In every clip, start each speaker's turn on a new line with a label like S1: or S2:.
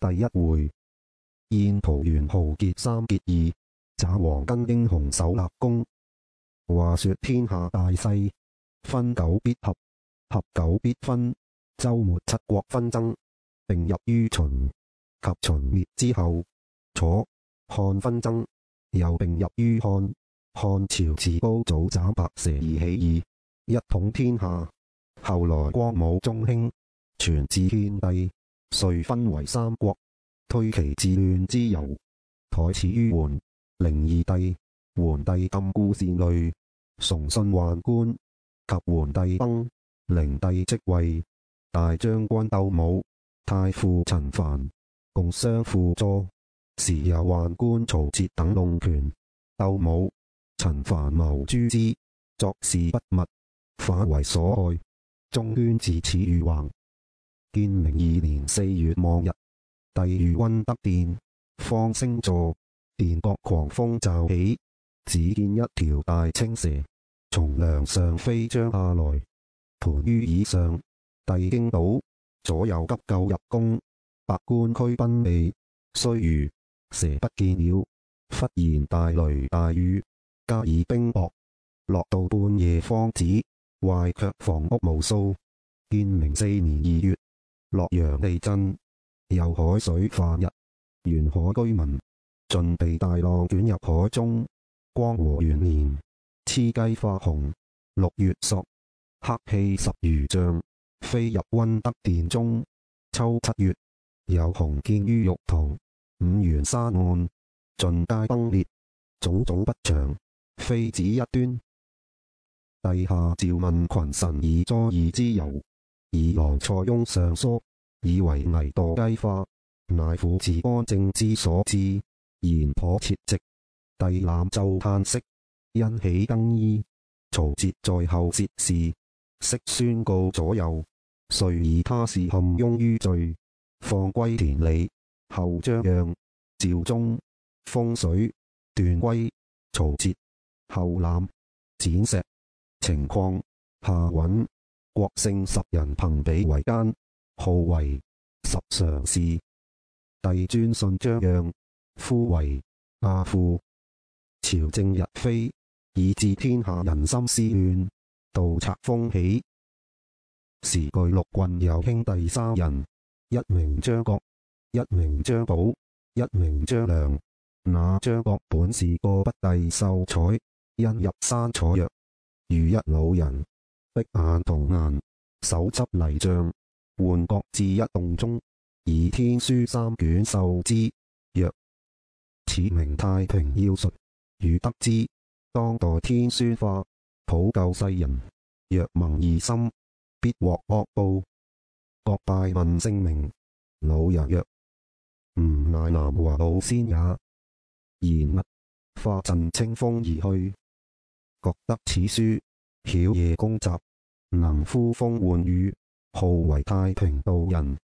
S1: 第一回，宴桃園豪傑三結義，斬黃巾英雄首立功。話說天下大勢，分久必合，合久必分。周末七國紛爭，併入於秦；及秦滅之後，楚漢紛爭，又併入於漢。漢朝自高祖斬白蛇而起義，一統天下。後來光武中興，傳至獻帝。遂分為三國，推其致亂之由，殆始於桓、靈二帝。桓帝禁錮善類，崇信宦官。及桓帝崩，靈帝即位，大將軍竇武、太傅陳蕃，共相輔佐。時有宦官曹節等弄權，竇武、陳蕃謀誅之，作事不密，反為所害，中涓自此愈橫。建明二年四月望日，帝御溫德殿，方升座，殿角狂風驟起，只見一條大青蛇從樑上飛將下來，蟠於椅上。帝驚倒，左右急救入宮，百官俱奔避。須臾，蛇不見了，忽然大雷大雨，加以冰雹，落到半夜方止，壞卻房屋無數。建寧四年二月，洛陽地震，有海水泛溢，沿海居民，盡被大浪捲入海中。光和元年，雌雞化雄，六月朔，黑氣十餘丈，飛入溫德殿中。秋七月，有虹見於玉堂，五原山岸，盡皆崩裂，種種不祥，非止一端。帝下詔問群臣以災異之由。議郎蔡邕上疏，以為蜺墮雞化，乃婦寺干政之所致，言頗切直。帝覽奏歎息，因起更衣。曹節在後竊視，悉宣告左右。遂以他事陷邕於罪，放歸田里。後張讓，趙忠，封諝，段珪，曹節，候覽，蹇碩，程曠，夏惲。郭勝十人朋比為奸，號為十常侍。帝尊信張讓，呼為阿父，朝政日非，以致天下人心思亂，盜賊蜂起。時鉅鹿郡有兄弟三人，一名張角，一名張寶，一名張梁。那張角本是個不第秀才，因入山採藥，遇一老人。碧眼童顏，手執藜杖，喚角至一洞中，以天書三卷授之。曰：「此名太平要術，汝得之，當代天宣化，普救世人。若萌異心，必獲惡報。角拜問姓名，老人曰：吾乃南華老仙也。言訖，化陣清風而去。角得此書。曉夜攻習，能呼風喚雨，號為太平道人。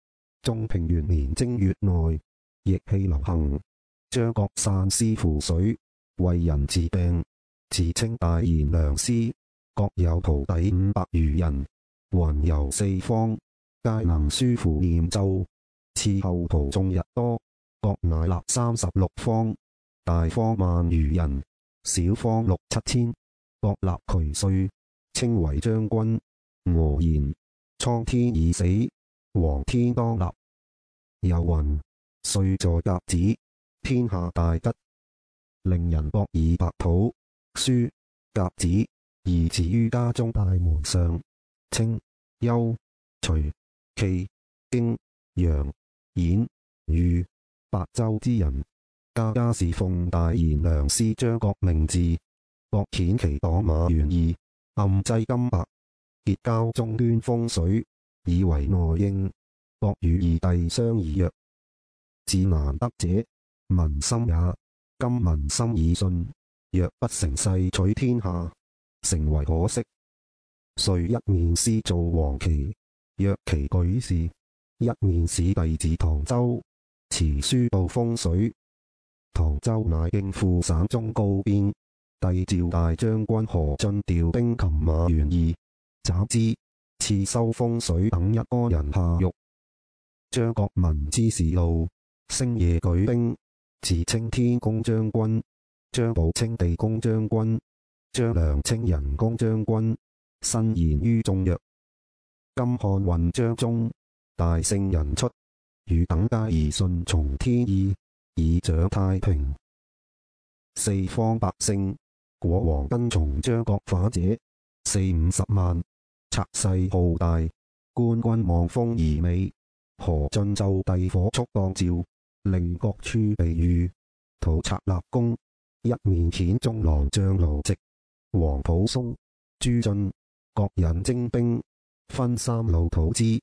S1: 中平元年正月內，疫氣流行，張角散施符水，為人治病，自稱大賢良師，角有徒弟五百餘人，環遊四方，皆能書符念咒，次後徒眾日多，角乃立三十六方，大方萬餘人，小方六七千，各立渠帥。稱為將軍。訛言，蒼天已死，黃天當立。又云歲在甲子，天下大吉。令人各以白土書甲子二字於家中大門上。青、幽、徐、冀、荊、揚、兗、豫八州之人，家家侍奉大賢良師張角名字。角遣其黨馬元義，暗齎金帛，結交中涓封諝，以為內應。角與二弟商議曰，至難得者，民心也。今民心已順，若不乘勢取天下，誠為可惜。遂一面私造黃旗，約期舉事；一面使弟子唐州，馳書報封諝。唐州乃逕赴省中告變。帝召大將軍何進調兵擒馬元義，斬之；次收封諝等一干人下獄。張角聞知事露，星夜舉兵，自稱天公將軍。張寶稱地公將軍，張梁稱人公將軍，申言於眾曰：今漢運將終，大聖人出，汝等皆宜順從天意，以掌太平，四方百姓。裹黃巾從張角反者四五十萬，賊勢浩大，官軍望風而靡。何進奏帝火速降詔，令各處備御，討賊立功。一面遣中郎將盧植、皇甫嵩、朱雋各引精兵，分三路討之。